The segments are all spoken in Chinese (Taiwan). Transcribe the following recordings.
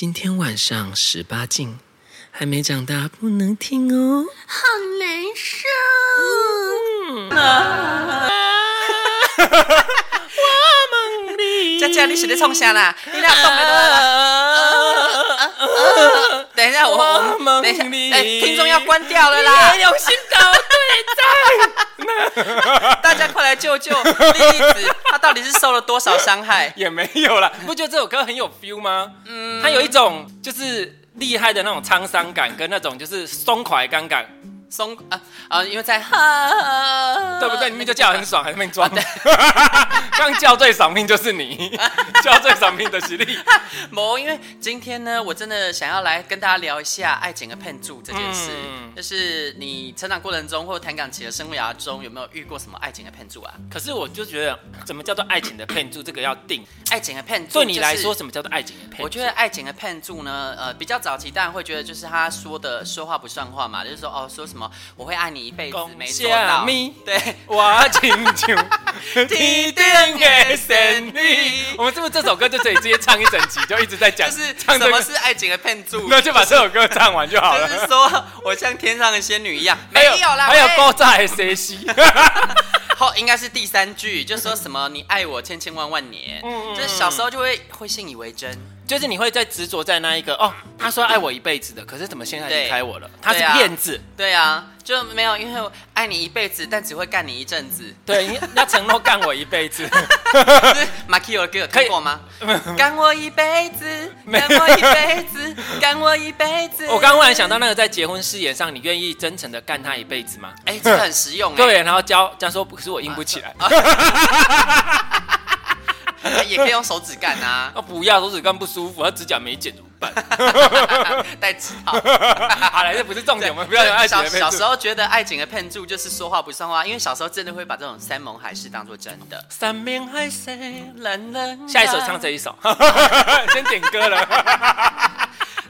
今天晚上十八禁，還沒長大不能聽哦，好難受。我夢裡。嘉嘉，你是要唱啥啦？你那要動沒動啊？等一下我，我等一下，哎，聽眾要關掉了啦！別用心肝。 在那，大家快來救救麗麗子，他到底是受了多少傷害？也沒有啦，不覺得這首歌很有 feel 嗎？嗯，他有一種就是厲害的那種滄桑感，跟那種就是鬆垮的尷尬。鬆啊啊！因為在對不對？你們就叫很爽，還很命賺。剛叫最爽命就是你，叫最爽命的實力。某，因為今天呢，我真的想要來跟大家聊一下愛情的騙術這件事。就是你成長過程中，或談感情的生涯中，有沒有遇過什麼愛情的騙術啊？可是我就覺得，怎麼叫做愛情的騙術？這個要定愛情的騙術。對你來說，什麼叫做愛情的騙術？我覺得愛情的騙術呢，呃，比較早期，大家會覺得就是他說的說話不算話嘛，就是說哦，說什麼。我會愛你一輩子，沒做到。對，我請求。我們是不是這首歌就可以直接唱一整集，就一直在講？就是唱什麼是愛情的騙子，那就把這首歌唱完就好了。就是說我像天上的仙女一樣，沒有啦，還有爆炸的 C C。好，應該是第三句，就說什麼你愛我千千萬萬年，嗯，就是小時候就會會信以為真。就是你會在執着在那一個哦，他說愛我一輩子的，可是怎麼現在離開我了？對他是騙子對、啊。對啊，就沒有因為我愛你一輩子，但只會幹你一陣子。對，那承諾幹我一輩子。馬奎爾給我聽過嗎？幹可以 我一輩子，幹我一輩子，幹我一輩子。 我剛忽然想到那個在結婚誓言上，你願意真誠的幹他一輩子嗎？哎、欸，這個很實用。 對，然後教教說，不是我硬不起來。 也可以用手指幹啊。哦，不要手指幹不舒服，他指甲沒剪怎麼辦？戴指套。好了，這不是重點對我們不要有愛情。小小時候覺得愛情的騙術就是說話不算話，因為小時候真的會把這種山盟海誓當作真的。山盟海誓，藍藍藍藍。下一首唱這一首， 先點歌了。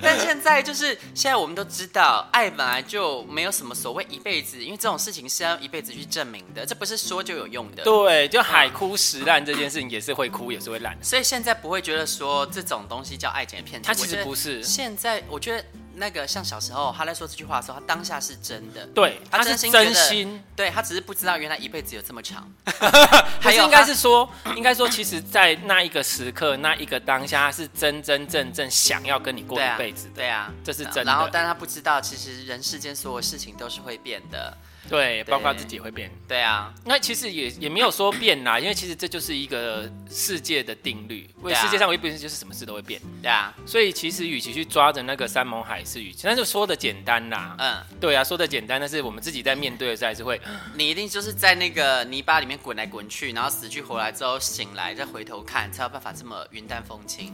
但現在就是現在，我們都知道，愛本來就沒有什麼所謂一輩子，因為這種事情是要一輩子去證明的，這不是說就有用的。對，就海枯石爛這件事情也是會枯，嗯、也是會爛。所以現在不會覺得說這種東西叫愛情的騙子。它其實不是。現在我覺得。那個像小時候，他在說這句話的時候，他當下是真的，對，他，他是真心，對，他只是不知道原來一輩子有這麼長。 還有是他應該是說， 應該說，其實在那一個時刻，那一個當下，他是真真正正想要跟你過一輩子的，對啊，對啊，這是真的。然後，但他不知道，其實人世間所有事情都是會變的。對，包括自己也會變。對啊，那其實也也沒有說變啦， 因為其實這就是一個世界的定律。對啊、世界上唯一不變的就是什麼事都會變。對啊，所以其實與其去抓着那個山盟海誓，與其那就說的簡單啦、啊。嗯，對啊，說的簡單，但是我們自己在面對的時候還是會，你一定就是在那個泥巴裡面滾來滾去，然後死去活來之後醒來，再回頭看，才有辦法這麼雲淡風輕。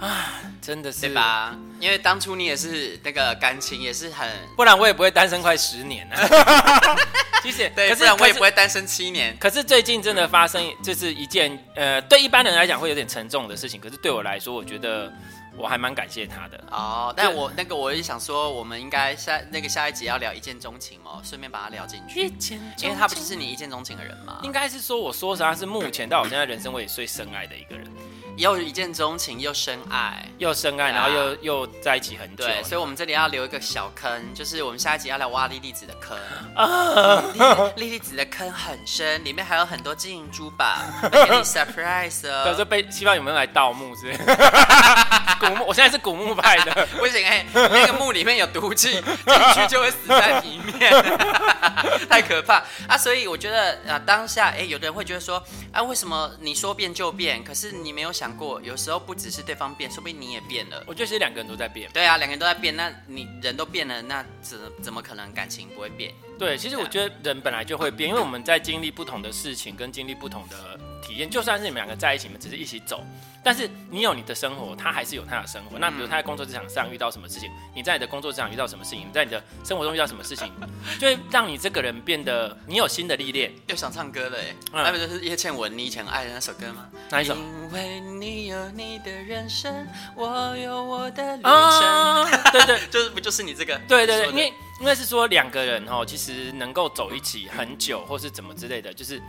啊，真的是對吧？因為當初你也是那個感情，也是很，不然我也不會單身快十年了、啊。 其實，對，是不然我也不會單身七年。可是，可是最近真的發生，就是一件、嗯、呃，對一般人來講會有點沉重的事情。可是對我來說，我覺得我還蠻感謝他的。哦、oh, 對，但我那個，我也想說，我們應該下那個下一集要聊一見鍾情哦、喔，順便把他聊進去，因為他不是你一見鍾情的人嘛，應該是說，我說實話，是目前到我現在人生，我也最深愛的一個人。又一見鍾情，又深愛，又深愛，然後又、啊、又在一起很久，對，所以我們這裡要留一個小坑，就是我們下一集要來挖麗麗子的坑。啊，麗、麗、麗、麗子的坑很深，裡面還有很多金銀珠寶，surprise 哦。可是被希望、喔、有沒有來盜墓之類的？ 古墓，我現在是古墓派的，不行哎，欸、那個墓裡面有毒氣，進去就會死在裡面， 太可怕啊！所以我覺得啊，當下哎、欸，有的人會覺得說，啊，為什麼你說變就變？可是你沒有想。過，有時候不只是對方變，說不定你也變了。我覺得是兩個人都在變。對啊，兩個人都在變，那你人都變了，那怎怎麼可能感情不會變？對，其實我覺得人本來就會變，嗯，因為我們在經歷不同的事情，跟經歷不同的。體驗，就算是你們兩個在一起，你們只是一起走，但是你有你的生活，他還是有他的生活。嗯、那比如他在工作職場上遇到什麼事情，你在你的工作職場遇到什麼事情，你在你的生活中遇到什麼事情，就會讓你這個人變得，你有新的歷練。又想唱歌了，那、嗯、不就是葉倩文你以前愛的那首歌嗎？哪一首？因為你有你的人生，我有我的人生》啊。對對，就是不就是你這個？對對對，因為你因為是說兩個人哈，其實能夠走一起很久，或是怎麼之類的，就是。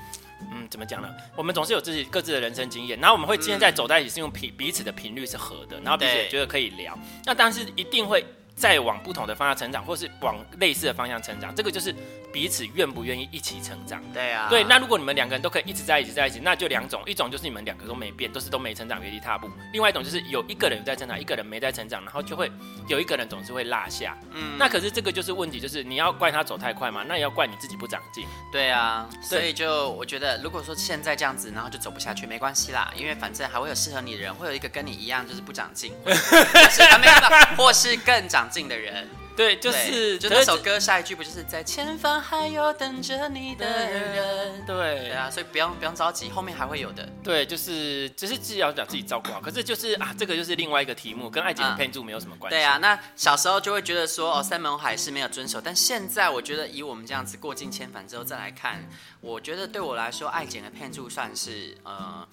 嗯，怎麼講呢？我們總是有自己各自的人生經驗，然後我們會現在走在一起，是用頻彼,彼此的頻率是合的，然後彼此也覺得可以聊。對那但是一定會再往不同的方向成長，或是往類似的方向成長，這個就是。彼此願不願意一起成長？對啊。對，那如果你們兩個人都可以一直在一起，在一起，那就兩種，一種就是你們兩個都沒變，都是都沒成長，原地踏步；另外一種就是有一個人在成長，一個人沒在成長，然後就會有一個人總是會落下。嗯。那可是這個就是問題，就是你要怪他走太快嘛，那也要怪你自己不長進。對啊。對。所以就我覺得，如果說現在這樣子，然後就走不下去，沒關係啦，因為反正還會有適合你的人，會有一個跟你一樣就是不長進，但是沒辦法， 或是更長進的人。對，就是就這首歌，下一句不就是在前方還有等着你的人？對，對啊，所以不用不用着急，後面還會有的。對，就是就是自己要將自己照顧好。可是就是啊，這個就是另外一個題目，跟愛情的騙子沒有什麼關係，嗯。對啊，那小時候就會覺得說哦，山盟海誓沒有遵守，但現在我覺得以我們這樣子過盡千帆之後再來看，我覺得對我來說，愛情的騙子算是呃，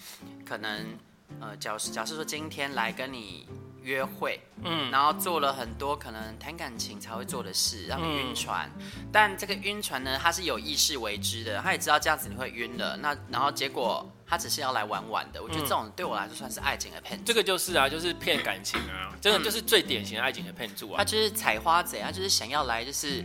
可能呃，假如假設說今天來跟你。約會，嗯，然後做了很多可能談感情才會做的事，讓你暈船。嗯、但這個暈船呢，他是有意識為之的，他也知道這樣子你會暈的。那然後結果他只是要來玩玩的。嗯、我覺得這種對我來說算是愛情的騙。這個就是啊，就是騙感情啊，嗯、真的就是最典型的愛情的騙術啊。他就是採花賊啊，他就是想要來就是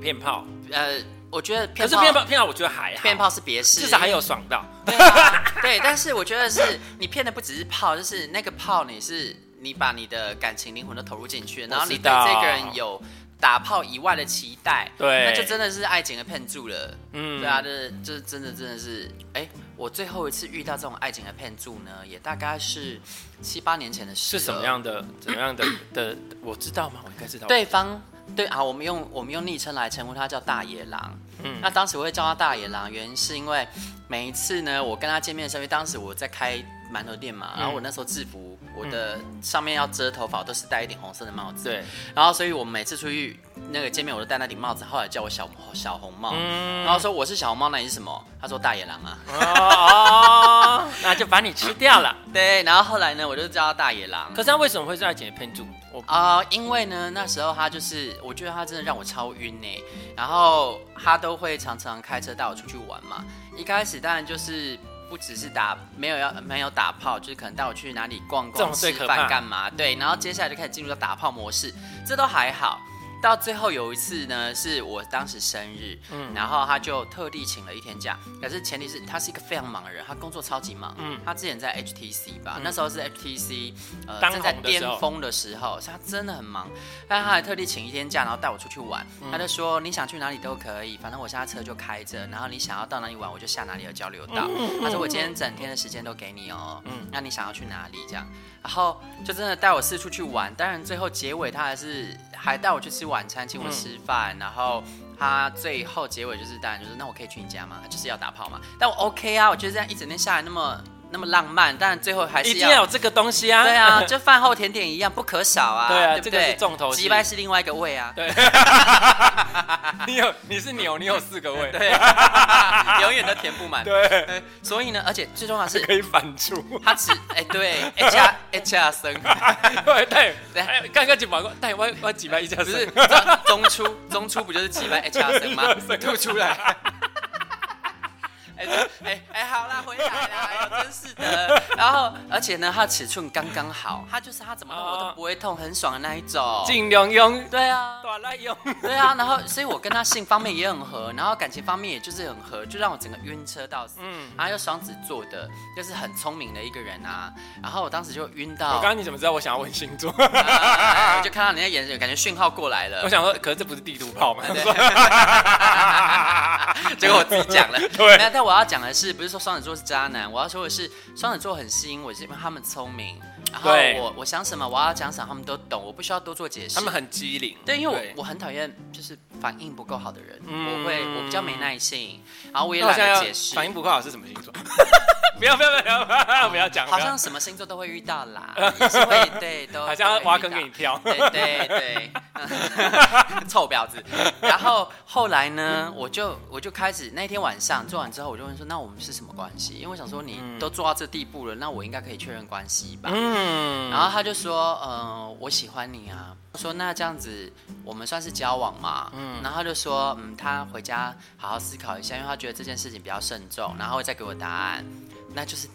騙炮。呃，我覺得騙炮騙炮騙炮，炮炮我覺得還好，騙炮是別事，至少還有爽到。對，啊、對， 但是我覺得是你騙的不只是炮，就是那個炮你是。你把你的感情、靈魂都投入進去，然後你對這個人有打炮以外的期待，對，那就真的是愛情的騙局了。嗯，對啊，這這真的真的是，哎、欸，我最後一次遇到這種愛情的騙局呢，也大概是七八年前的事。是什麼樣的怎麼樣的 的？我知道嗎？我應該知道。知道對方對啊，我們用我們用昵稱來稱呼他叫大野狼。嗯，那當時我會叫他大野狼，原因是因為每一次呢，我跟他見面的時候，因為當時我在開。饅頭店嘛，然後我那時候制服，我的上面要遮頭髮，都是戴一頂紅色的帽子。對，然後所以我每次出去那個見面，我都戴那頂帽子。後來叫我小小紅帽，嗯、然後說我是小紅帽，那你是什麼？他說大野狼啊。哦，哦 那就把你吃掉了。對，然後後來呢，我就叫他大野狼。可是他為什麼會戴頂噴柱？我啊、哦，因為呢那時候他就是，我覺得他真的讓我超暈呢、欸。然後他都會常常開車帶我出去玩嘛。一開始當然就是。不只是打，沒有要沒有打炮，就是可能帶我去哪裡逛逛、吃飯、幹嘛？對，對，然後接下來就開始進入到打炮模式，這都還好。到最後有一次呢，是我當時生日，嗯，然後他就特地請了一天假。可是前提是他是一個非常忙的人，他工作超級忙，嗯，他之前在 HTC 吧，嗯、那時候是 HTC 呃正在巔峰的時候，所以他真的很忙，但他還特地請一天假，然後帶我出去玩。嗯、他就說你想去哪裡都可以，反正我現在車就開着，然後你想要到哪裡玩我就下哪裡有交流道。嗯，他說我今天整天的時間都給你哦、喔，嗯，那你想要去哪裡這樣？然後就真的帶我四處去玩。當然最後結尾他還是。還帶我去吃晚餐，請我吃飯，嗯、然後他最後結尾就是當然就是說那我可以去你家嗎？就是要打炮嘛。但我 OK 啊，我覺得這樣一整天下來那麼。那麼浪漫，但最後還是要一定要有這個東西啊！對啊，就飯後甜點一樣，不可少啊！對啊，這個是重頭戲。幾拜是另外一個胃啊！對，你有你是牛，你有四個胃，對，永遠都填不滿。對，所以呢，而且最重要是可以反出，他只哎對，一加一加生。對對，剛剛就講過，歪歪幾拜一加生不是中出中出不就是幾百一加生嗎？吐出來。哎哎哎，好啦，回來啦，真是的。然後，而且呢，他的尺寸剛剛好，他就是他怎麼弄我都不會痛，很爽的那一種。盡量用。對啊，短來用。對啊，然後，所以我跟他性方面也很合，然後感情方面也就是很合，就讓我整個暈車到死。嗯。然後又雙子座的，就是很聰明的一個人啊。然後我當時就暈到。我剛剛，你怎麼知道我想要問星座？就看到你的眼神，感覺訊號過來了。我想說，可是這不是地圖炮嗎？結果我自己講了。對。我。我要講的是，不是說雙子座是渣男。我要說的是，雙子座很吸引我，是因為他們聰明。然後我對我想什麼，我要講什麼，他們都懂，我不需要多做解釋。他們很機靈。對，因為我對我很討厭就是反應不夠好的人。嗯。我會我比較沒耐性，然後我也懶得解釋。反應不夠好是什麼星座？ 不要不要不要不要講、啊！好像什麼星座都會遇到啦，所以 對都好像挖坑給你跳。對對對，對對 臭婊子！ 然後後來呢，嗯、我就我就開始那天晚上做完之後，我就問說：“那我們是什麼關係？”因為我想說你都做到這地步了，嗯、那我應該可以確認關係吧？嗯。然後他就說：“嗯、呃，我喜歡你啊。”說那這樣子，我們算是交往嘛？嗯，然後就說，嗯，他回家好好思考一下，因為他覺得這件事情比較慎重，然後再給我答案。那就是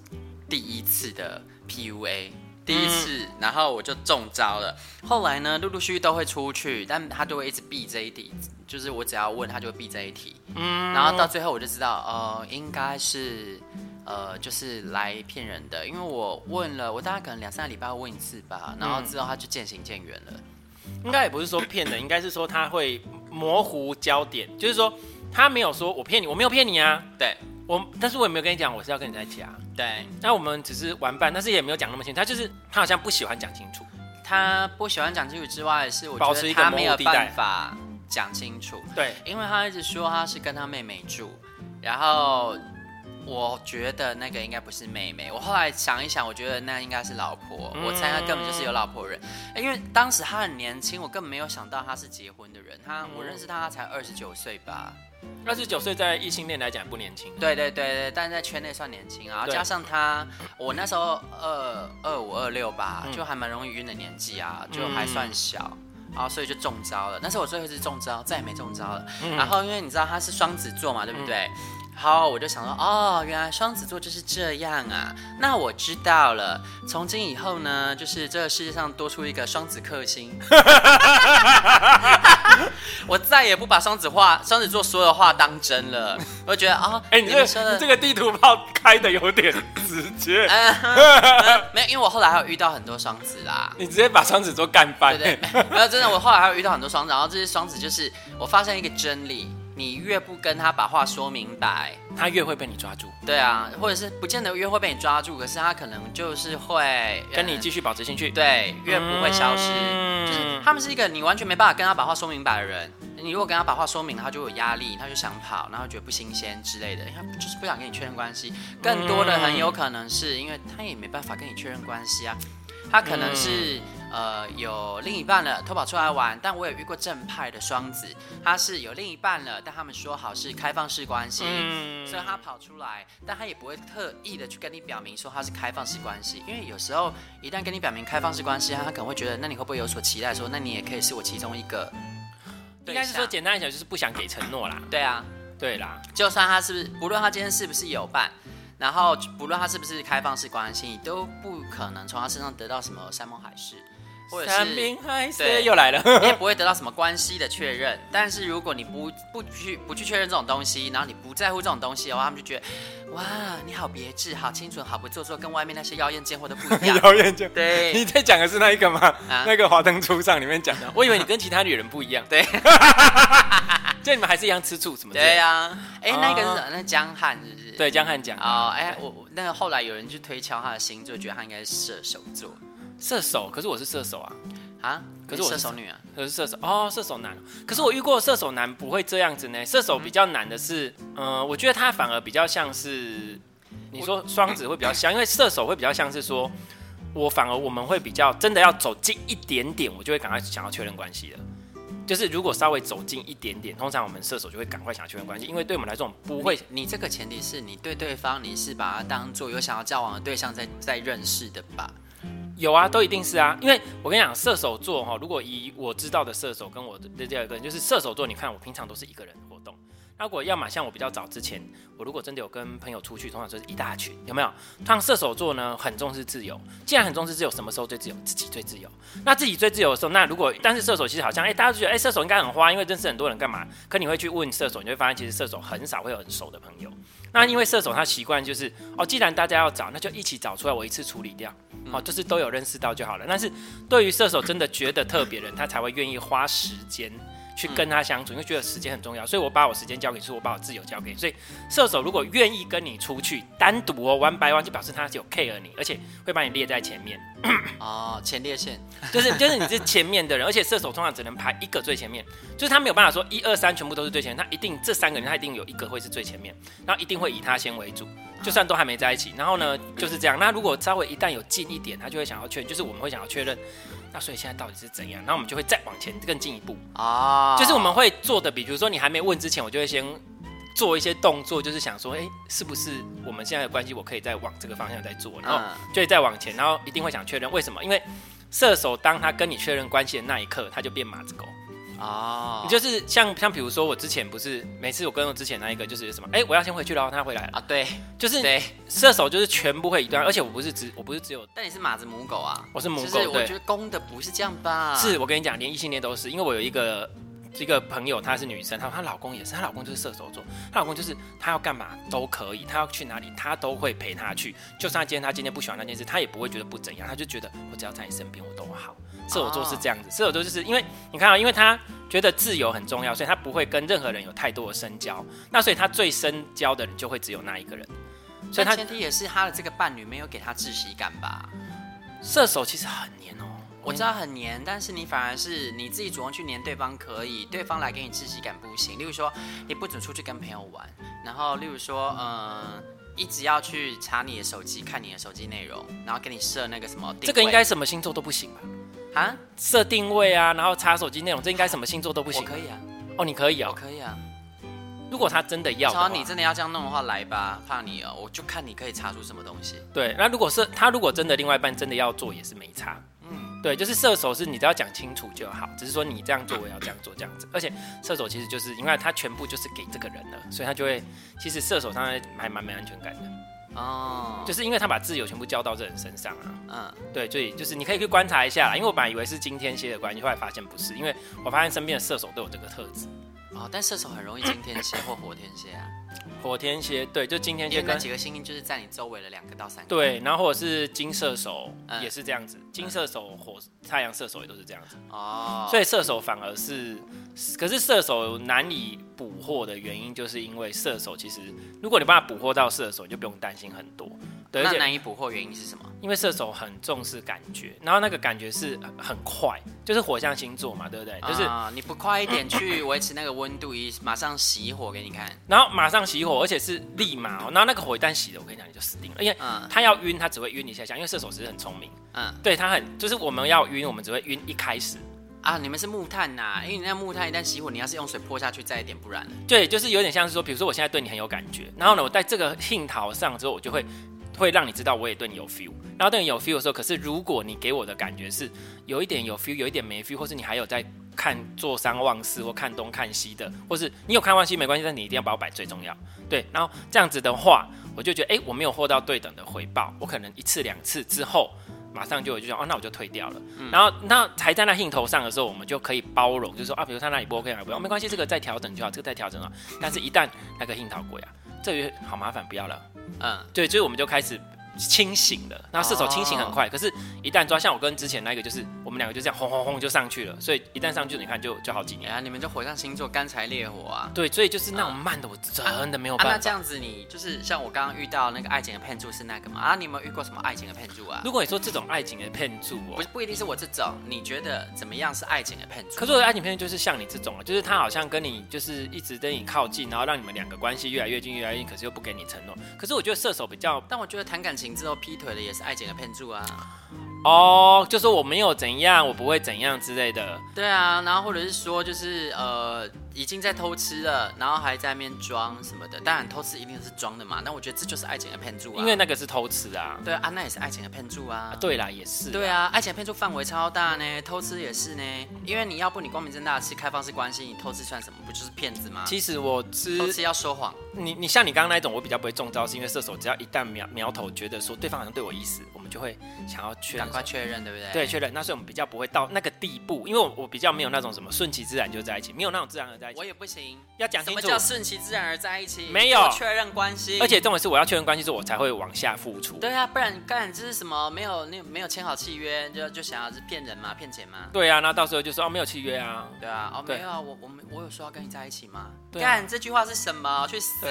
第一次的 PUA，第一次，嗯、然後我就中招了。後來呢，陸陸續續都會出去，但他都會一直避這一題，就是我只要問他就會避這一題。嗯，然後到最後我就知道，哦、呃，應該是呃，就是來騙人的，因為我問了，我大概可能兩三個禮拜問一次吧，然後之後他就漸行漸遠了。應該也不是說騙人，應該是說他會模糊焦點，就是說他沒有說，我騙你，我沒有騙你啊，對我，但是我也沒有跟你講我是要跟你在一起啊，對，那我們只是玩伴，但是也沒有講那麼清楚，他就是他好像不喜歡講清楚，他不喜歡講清楚之外是我覺得他沒有辦法講清楚，是保持一個模糊地帶，講清楚，對，因為他一直說他是跟他妹妹住，然後。我覺得那個應該不是妹妹。我後來想一想，我覺得那應該是老婆。我猜她根本就是有老婆的人，嗯、因為當時她很年輕，我根本沒有想到她是結婚的人。她、嗯、我認識她才二十九歲吧，二十九歲在異性戀來講不年輕，對對對對，嗯、但在圈內算年輕啊。然後加上她，對我那時候二二五二六吧，嗯、就還蠻容易暈的年紀啊，就還算小，嗯、然後所以就中招了。那是我最後一次中招，再也沒中招了。然後因為你知道他是雙子座嘛，對不對？嗯好，我就想說，哦，原來雙子座就是這樣啊，那我知道了。從今以後呢，就是這個世界上多出一個雙子克星。 我再也不把雙子話、雙子座說的話當真了。我覺得啊，哎、哦欸，你這個你說的你這個地圖炮開的有點直接、 呃。沒有，因為我後來還有遇到很多雙子啦。你直接把雙子座幹翻。對，對對。沒有，真的，我後來還有遇到很多雙子，然後這些雙子就是，我發現一個真理。你越不跟他把話說明白，他越會被你抓住。對啊，或者是不見得越會被你抓住，可是他可能就是會跟你繼續保持興趣，嗯，對，越不會消失。嗯，就是他們是一個你完全沒辦法跟他把話說明白的人。你如果跟他把話說明，他就有壓力，他就想跑，然後覺得不新鮮之類的，他就是不想跟你確認關係。更多的很有可能是，嗯，因為他也沒辦法跟你確認關係啊，他可能是。嗯呃，有另一半了，偷跑出來玩。但我也遇過正派的雙子，他是有另一半了，但他們說好是開放式關係，嗯，所以他跑出來，但他也不會特意的去跟你表明說他是開放式關係，因為有時候一旦跟你表明開放式關係，他可能會覺得那你會不會有所期待，說那你也可以是我其中一個對。應該是說簡單一點，就是不想給承諾啦。對啊，對啦，就算他是不是，不論他今天是不是有伴，然後不論他是不是開放式關係，都不可能從他身上得到什麼山盟海誓。或者是對，又來了，你也不會得到什麼關係的確認。 但是如果你不不去不去確認這種東西，然後你不在乎這種東西的話，他們就覺得哇，你好別緻，好清純，好不做作，跟外面那些妖豔賤貨都不一樣。 妖豔賤見，對，你在講的是那一個嗎？啊、那個《華燈初上》裡面講的。 我以為你跟其他女人不一樣，對， 就你們還是一樣吃醋什麼的。對呀、啊，哎，那個是那江漢是不是？對，江漢講啊，哎、哦，我我那個、後來有人去推敲他的星座，覺得他應該是射手座。射手，可是我是射手啊，啊？可是我是射手女啊，可是射手哦，射手男。可是我遇過射手男不會這樣子呢。啊、射手比較難的是，嗯、呃，我覺得他反而比較像是，你說雙我子會比較像，因為射手會比較像是說，我反而我們會比較真的要走近一點點，我就會趕快想要確認關係了。就是如果稍微走近一點點，通常我們射手就會趕快想要確認關係，因為對我們來說，我們不會。你，你這個前提是你對對方你是把他當做有想要交往的對象在在認識的吧？有啊，都一定是啊，因為我跟你講，射手座哈，如果以我知道的射手跟我的這第二個人，就是射手座，你看我平常都是一個人活動。那如果要麼像我比較早之前，我如果真的有跟朋友出去，通常就是一大群，有沒有？通常射手座呢，很重視自由。既然很重視自由，什麼時候最自由？自己最自由。那自己最自由的時候，那如果但是射手其實好像，哎、欸，大家覺得，誒、欸，射手應該很花，因為認識很多人幹嘛？可你會去問射手，你會發現其實射手很少會有很熟的朋友。那因為射手他習慣就是哦，既然大家要找，那就一起找出來，我一次處理掉哦，就是都有認識到就好了。但是，對於射手真的覺得特別的人，他才會願意花時間。去跟他相處，因為覺得時間很重要，所以我把我時間交給你，我把我自由交給你。所以射手如果願意跟你出去單獨哦玩白玩，one one, 就表示他是有 care 你，而且會把你列在前面。哦，前列腺就是就是你是前面的人，而且射手通常只能排一個最前面，就是他沒有辦法說一二三全部都是最前面，他一定這三個人他一定有一個會是最前面，那一定會以他先為主，就算都還沒在一起，然後呢，就是這樣。那如果稍微一旦有近一點，他就會想要確認，就是我們會想要確認。那所以現在到底是怎樣？那我們就會再往前更進一步啊，oh. 就是我們會做的，比如說你還沒問之前，我就會先做一些動作，就是想說，哎、欸，是不是我們現在的關係，我可以再往這個方向再做，然後就會再往前，然後一定會想確認。為什麼？因為射手當他跟你確認關係的那一刻，他就變馬子狗。哦，oh. 就是像像比如說我之前不是每次我跟我之前那一個就是什麼，哎、欸，我要先回去了，然後他回來了啊，ah, 對，就是對射手就是全部會一段，嗯、而且我不是只我不是只有，但你是馬子母狗啊，我是母狗，其實 對我覺得公的不是這樣吧？是，我跟你講，連異性戀都是，因為我有一個一個朋友她是女生，她說她老公也是，她老公就是射手座，她老公就是她要幹嘛都可以，她要去哪裡他都會陪她去，就算今天他今天不喜歡那件事，他也不會覺得不怎樣，他就覺得我只要在你身邊我都好。射手座是這樣子，射手座就是因為你看啊，因為他覺得自由很重要，所以他不會跟任何人有太多的深交。那所以他最深交的人就會只有那一個人。所以他前提也是他的這個伴侶沒有給他窒息感吧？射手其實很黏哦，我知道很黏，難但是你反而是你自己主動去黏對方可以，對方來給你窒息感不行。例如說你不准出去跟朋友玩，然後例如說嗯一直要去查你的手機、看你的手機內容，然後給你設那個什麼，這個應該什麼星座都不行吧？啊，設蛤定位啊，然後查手機內容，這應該什麼星座都不行。我可以啊，哦，你可以啊，喔，我可以啊。如果他真的要的，只要你真的要這樣弄的話，來吧，怕你哦。我就看你可以查出什麼東西。對，那如果是他如果真的另外一半真的要做，也是沒差。嗯，對，就是射手是你只要講清楚就好，只是說你這樣做我要這樣做這樣子，啊，咳咳，而且射手其實就是因為他全部就是給這個人了，所以他就會，其實射手上還蠻沒安全感的。哦，oh. 就是因為他把自由全部交到這人身上啊。嗯，對，所以就是你可以去觀察一下，因為我本來以為是金天蠍的關係，後來發現不是，因為我發現身邊的射手都有這個特質。哦，但射手很容易金天蠍或火天蠍啊，火天蠍對，就金天蠍跟幾個星星就是在你周圍的兩個到三個。對，然後或者是金射手、嗯、也是這樣子，金射手、嗯、火太陽射手也都是這樣子。哦，所以射手反而是，可是射手難以捕獲的原因，就是因為射手其實，如果你把它捕獲到射手，你就不用擔心很多。對，而且，那難以捕獲原因是什麼？因為射手很重視感覺，然後那個感覺是很快，就是火象星座嘛，對不對？啊、就是你不快一點去維持那個溫度以，一 馬上熄火給你看，然後馬上熄火，而且是立馬哦、喔。然後那個火一旦熄了，我跟你講，你就死定了，因為嗯，他要暈，他只會暈一下下。因為射手其實很聰明，嗯、啊，對他很就是我們要暈，我們只會暈一開始啊。你們是木炭吶、啊，因為你那木炭一旦熄火，你要是用水潑下去再一點不燃對，就是有點像是說，比如說我現在對你很有感覺，然後呢，我在這個興頭上之後，我就會。嗯會讓你知道我也對你有 feel，然後對你有 feel 的時候，可是如果你給我的感覺是有一點有 feel，有一點沒 feel，或是你還有在看坐山望四，或看東看西的，或是你有看望西沒關係，但你一定要把我擺最重要，對。然後這樣子的話，我就覺得哎，我沒有獲到對等的回報，我可能一次兩次之後，馬上就我就講哦。那我就退掉了。嗯、然後那還在那興頭上的時候，我們就可以包容，就是說啊，比如說他那裡不 OK，不用沒關係，這個再調整就好，這個再調整好。但是一旦那個興頭鬼啊。這個也好麻煩，不要了。嗯，對，所以我們就開始。清醒的，那射手清醒很快，oh. 可是，一旦抓像我跟之前那個，就是我們兩個就這樣轟轟轟就上去了，所以一旦上去，你看就就好幾年啊！Yeah, 你們就火象星座，乾柴烈火啊！對，所以就是那種慢的，我真的沒有辦法。Oh. 啊啊、那這樣子你，你就是像我剛剛遇到那個愛情的騙術是那個嗎？啊，你有沒有遇過什麼愛情的騙術啊？如果你說這種愛情的騙術，喔，不不一定是我這種，你覺得怎麼樣是愛情的騙術？可是我的愛情騙術就是像你這種啊，就是他好像跟你就是一直跟你靠近，然後讓你們兩個關係越來越近越來越近，可是又不給你承諾。可是我覺得射手比較，但我覺得談感情。情之後劈腿的，也是愛情的騙子啊。哦，oh, 就是我沒有怎樣，我不會怎樣之類的。對啊，然後或者是說，就是呃，已經在偷吃了，然後還在那邊裝什麼的。當然偷吃一定是裝的嘛。那我覺得這就是愛情的騙術啊。因為那個是偷吃啊。對啊，啊，那也是愛情的騙術啊，啊。對啦，也是。對啊，愛情的騙術範圍超大呢，偷吃也是呢。因為你要不你光明正大吃，開放式關係，你偷吃算什麼？不就是騙子嗎？其實我偷吃要說謊，你你像你剛剛那種，我比較不會中招，是因為射手只要一旦苗苗頭覺得說對方好像對我意思，就會想要去趕快確認，對不對？對，確認。那時候我們比較不會到那個地步，因為我我比較沒有那種什麼順其自然就在一起，沒有那種自然而在一起。我也不行，要講清楚，什麼叫順其自然而在一起？沒有，有確認關係。而且重點是我要確認關係之後，我才會往下付出。對啊，不然幹這是什麼？沒有那沒有簽好契約，就就想要是騙人嘛，騙錢嘛？對啊，那到時候就說哦，沒有契約啊？對啊，哦對沒有啊？我我們我有說要跟你在一起嗎？對啊，幹這句話是什麼？去死！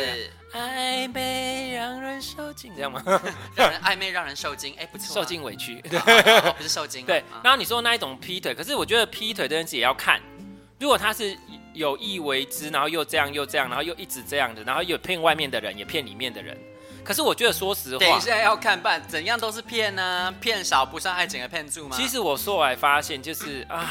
曖昧讓人受驚，這樣嗎？ 讓人曖昧讓人受驚，哎、欸，不錯、啊，受盡委屈，不是受驚。對， 對 然後你說那一種劈腿，可是我覺得劈腿的人也要看，如果他是有意為之，然後又這樣又這樣，然後又一直這樣的，然後又騙外面的人，也騙裡面的人。可是我覺得，說實話，等一下要看辦，怎樣都是騙呢、啊？騙少不上愛情的騙住嗎？其實我說來發現，就是啊，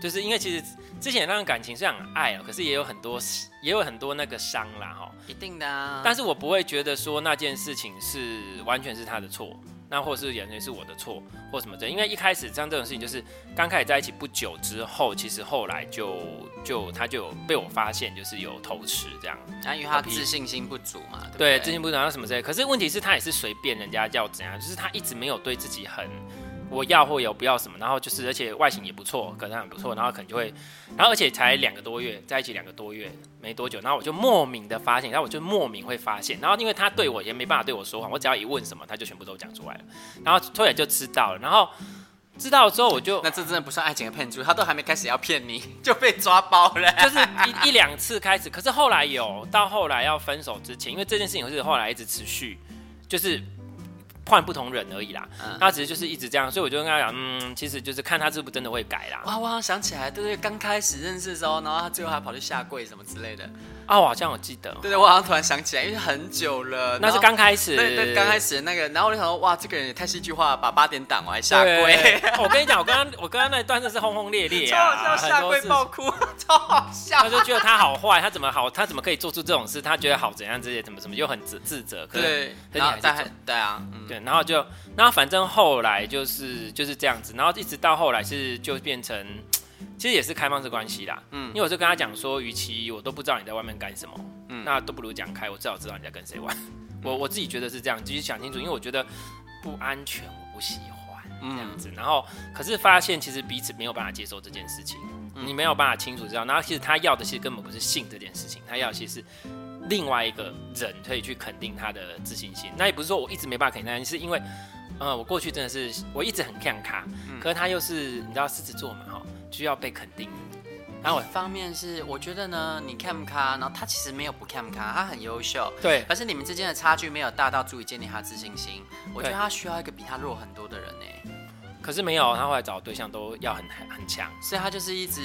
就是因為其實之前那段感情是很愛啊，可是也有很多。也有很多那個傷啦，哦，一定的。但是我不會覺得說那件事情是完全是他的錯，那或是也是我的錯，或什麼的。因為一開始像這種事情，就是剛開始在一起不久之後，其實後來就就他就有被我發現，就是有偷吃這樣。他因為他自信心不足嘛，對，對，對，自信不足然後什麼之類。可是問題是他也是隨便人家叫怎樣，就是他一直沒有對自己很。我要或有不要什麼，然後就是，而且外形也不錯，可能很不錯，然後可能就會，然後而且才兩個多月在一起兩個多月沒多久，然後我就莫名的發現，然後我就莫名會發現，然後因為他對我也沒辦法對我說謊，我只要一問什麼，他就全部都講出來了，然後突然就知道了，然後知道了之後我就，那這真的不算愛情的騙局，他都還沒開始要騙你就被抓包了，就是一一兩次開始，可是後來有到後來要分手之前，因為這件事情是後來一直持續，就是。換不同人而已啦，他、uh. 其實就是一直這樣，所以我就跟他講，嗯，其實就是看他是不是真的會改啦。哇，哇，我想起來，對對，剛開始認識的時候，然後他最後還跑去下跪什麼之類的。啊，我好像我記得，對對，我好像突然想起來，因為很久了，嗯、然後、那是剛開始，對，剛開始的那個，然後我就想說，哇，這個人也太戲劇化了，把八點檔完下跪，我跟你講，我剛剛 我剛剛那段真的是轟轟烈烈、啊，超好笑，下跪爆哭，超好笑，他就覺得他好壞，他怎麼好，他怎麼可以做出這種事，他覺得好怎樣這些，怎麼怎麼又很自自責，對，可能很後但對啊，嗯、對，然後就，然後反正後來就是就是這樣子，然後一直到後來是就變成。其實也是開放式關係啦，嗯，因為我就跟他講說，與其我都不知道你在外面幹什麼，嗯，那都不如講開，我至少知道你在跟誰玩。嗯、我我自己覺得是這樣，繼續想清楚，因為我覺得不安全，我不喜歡這樣子。嗯、然後可是發現其實彼此沒有辦法接受這件事情，嗯、你沒有辦法清楚知道。然後其實他要的其實根本不是性這件事情，他要的，其實是另外一個人可以去肯定他的自信心。那也不是說我一直沒辦法肯定，那是因為，呃，我過去真的是我一直很看卡，car, 嗯、可是他又是你知道獅子座嘛，哈。就要被肯定。然後一方面是，我覺得呢，你 cam 卡，然後他其實沒有不 cam 卡，他很優秀。對。可是你們之間的差距沒有大到足以建立他的自信心。對。我覺得他需要一個比他弱很多的人。可是沒有，他後來找對象都要很很強。所以他就是一直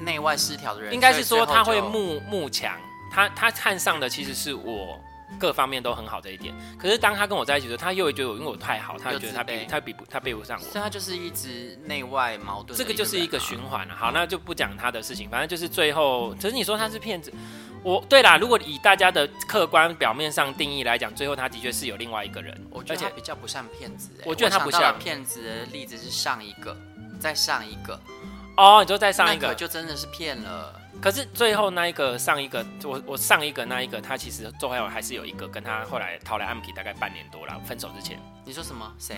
內外失調的人。應該是說他會慕他會慕強，他他看上的其實是我。各方面都很好的一點，可是當他跟我在一起的時候，他又會覺得我因為我太好，他又覺得他比他比不他配不上我，所以他就是一直內外矛盾的。這個就是一個循環了、啊。好，嗯、那就不講他的事情，反正就是最後，可是你說他是騙子，嗯、我對啦。如果以大家的客觀表面上定義來講，最後他的確是有另外一個人，而且比較不像騙子、欸。我覺得他不像騙子的例子是上一個，再上一個哦，你說再上一個可就真的是騙了。可是最後那一個上一個，我我上一個那一個，他其實最後還，還是有一個跟他後來逃來 M P 大概，半年多了，分手之前。你說什麼誰？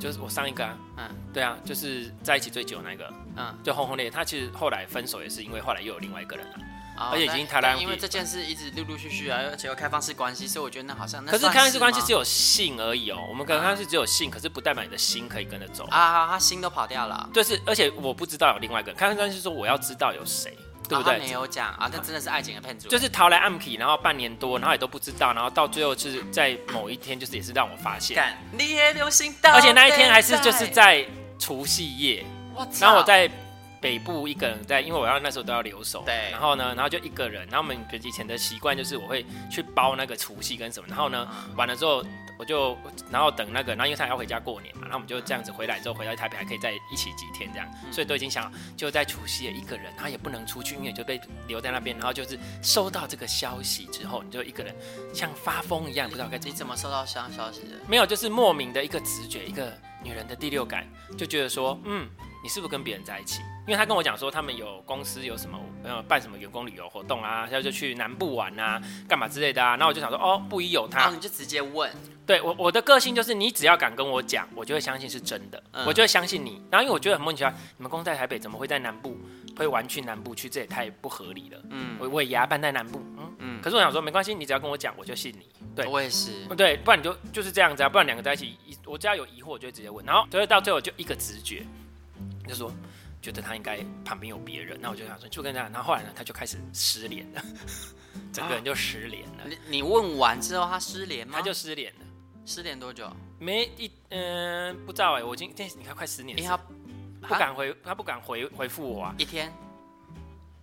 就是我上一個啊，嗯，對啊，就是在一起最久那個，嗯，就轟轟烈烈。他其實後來分手也是因為後來又有另外一個人了、啊，哦、而且已經談了，因為這件事一直陸陸續續啊，而且有開放式關係，所以我覺得那好像那是，可是開放式關係只有性而已哦、喔，我們可能剛剛是只有性，嗯、可是不代表你的心可以跟着走啊，他心都跑掉了、啊。就是而且我不知道有另外一個人，開放式關係說我要知道有誰。對不對？哦，他沒有講啊，但真的是愛情的騙子，就是逃來暗皮，然後半年多，然後也都不知道，然後到最後就是在某一天，就是也是讓我發現，你也流行到，而且那一天還是就是在除夕夜，我操，然後我在北部一個人在，因為我要那時候都要留守，對，然後呢，然後就一個人，然後我們以前的習慣就是我會去包那個除夕跟什麼，然後呢，完了之後。我就然後等那個，然後因為他還要回家過年嘛，然後我們就這樣子回來之後，回到台北還可以在一起幾天這樣，所以都已經想就在除夕的一個人，他也不能出去，因為就被留在那邊。然後就是收到這個消息之後，你就一個人像發瘋一樣，不知道該怎麼怎麼收到這消息的？沒有，就是莫名的一個直覺，一個女人的第六感就覺得說，嗯，你是不是跟別人在一起？因為他跟我講說他們有公司有什麼辦什麼員工旅遊活動啊，然後就去南部玩啊，幹嘛之類的啊。然後我就想說，哦，不疑有他，然後你就直接問。對我我的個性就是，你只要敢跟我講，我就會相信是真的，嗯、我就會相信你。然後因為我覺得很莫名其妙，你們公司在台北，怎麼會在南部？會玩去南部去，這也太不合理了。嗯，我我也牙半在南部，嗯嗯。可是我想說，沒關係，你只要跟我講，我就信你。對我也是，對，不然你就就是這樣子啊。不然兩個在一起，我只要有疑惑，我就會直接問。然後就是到最後就一個直覺，就說覺得他應該旁邊有別人。那我就想說，就跟他講。然後後來呢，他就開始失聯了，整個人就失聯了。你你問完之後，他失聯嗎？他就失聯了。失戀多久？沒一嗯、呃，不知道哎、欸，我今天，欸、你看快十年了。他不敢回，他不敢回回復我啊。一天，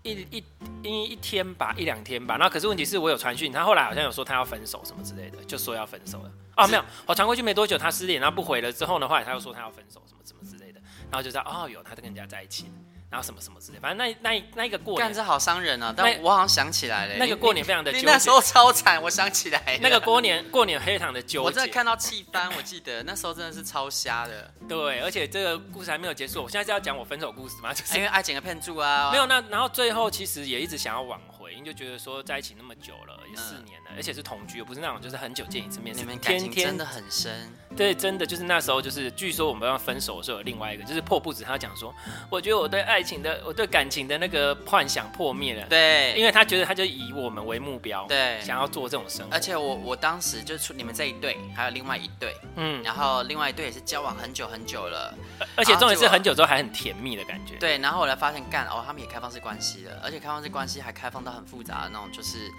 一一一一天吧，一兩天吧。然後可是問題是我有傳訊，他後來好像有說他要分手什麼之類的，就說要分手了。哦，沒有，我傳過去沒多久，他失戀他不回了之後呢，後來他又說他要分手什麼什麼之類的，然後就說，哦，有他在跟人家在一起。然後什麼什麼之類，反正那那一那一個過年，這好傷人啊！但我好像想起來了那，那個過年非常的糾結，那時候超慘。我想起來， 那個過年過年非常的糾結。我真的看到氣翻，我記得那時候真的是超瞎的。 對，而且這個故事還沒有結束，我現在是要講我分手故事嘛？就是因為愛情的騙子啊。沒有那，然後最後其實也一直想要挽回，因為就覺得說在一起那麼久了，也四年了，嗯、而且是同居，不是那種就是很久見一次面，你們感情真的很深。天天對，真的就是那時候，就是據說我們剛剛分手的時候，有另外一個就是破布子，他講說，我覺得我對愛情的，我對感情的那個幻想破滅了。對，因為他覺得他就以我們為目標，對，想要做這種生活。而且我我當時就你們這一對，還有另外一對，嗯，然後另外一對也是交往很久很久了，而且重點是很久之後還很甜蜜的感覺。對，然後我來發現幹，幹哦，他們也開放式關係了，而且開放式關係還開放到很複雜的那種，就是。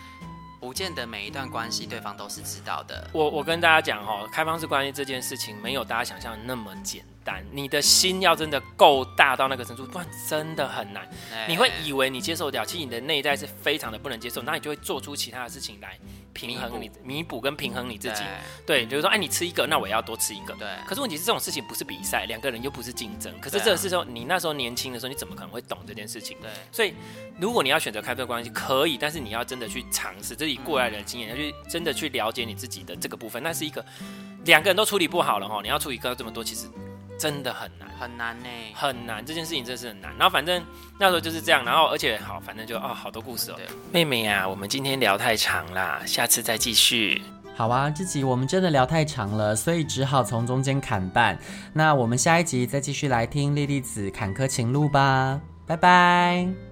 不見得每一段關係，對方都是知道的。我我跟大家講哦、喔，開放式關係這件事情沒有大家想象的那麼簡單。但你的心要真的夠大到那個程度，不然真的很難。對你會以為你接受掉，其實你的內在是非常的不能接受，那你就會做出其他的事情來平衡你、彌補跟平衡你自己。對，對，比如說，哎、欸，你吃一個，那我也要多吃一個。對。可是問題是這種事情不是比賽，兩個人又不是競爭。可是這個是說，啊、你那時候年輕的時候，你怎麼可能會懂這件事情？對。所以，如果你要選擇開放關係，可以，但是你要真的去嘗試，這是過來的經驗，嗯、要去真的去了解你自己的這個部分。那是一個兩個人都處理不好了哈。你要處理到這麼多，其實。真的很難，很難呢、欸，很難。這件事情真的是很難。然後反正那時候就是這樣。然後而且好，反正就哦，好多故事哦。對了。妹妹呀、啊，我們今天聊太長啦，下次再繼續。好啊，這集我們真的聊太長了，所以只好從中間砍半。那我們下一集再繼續來聽莉莉子坎坷情路吧，拜拜。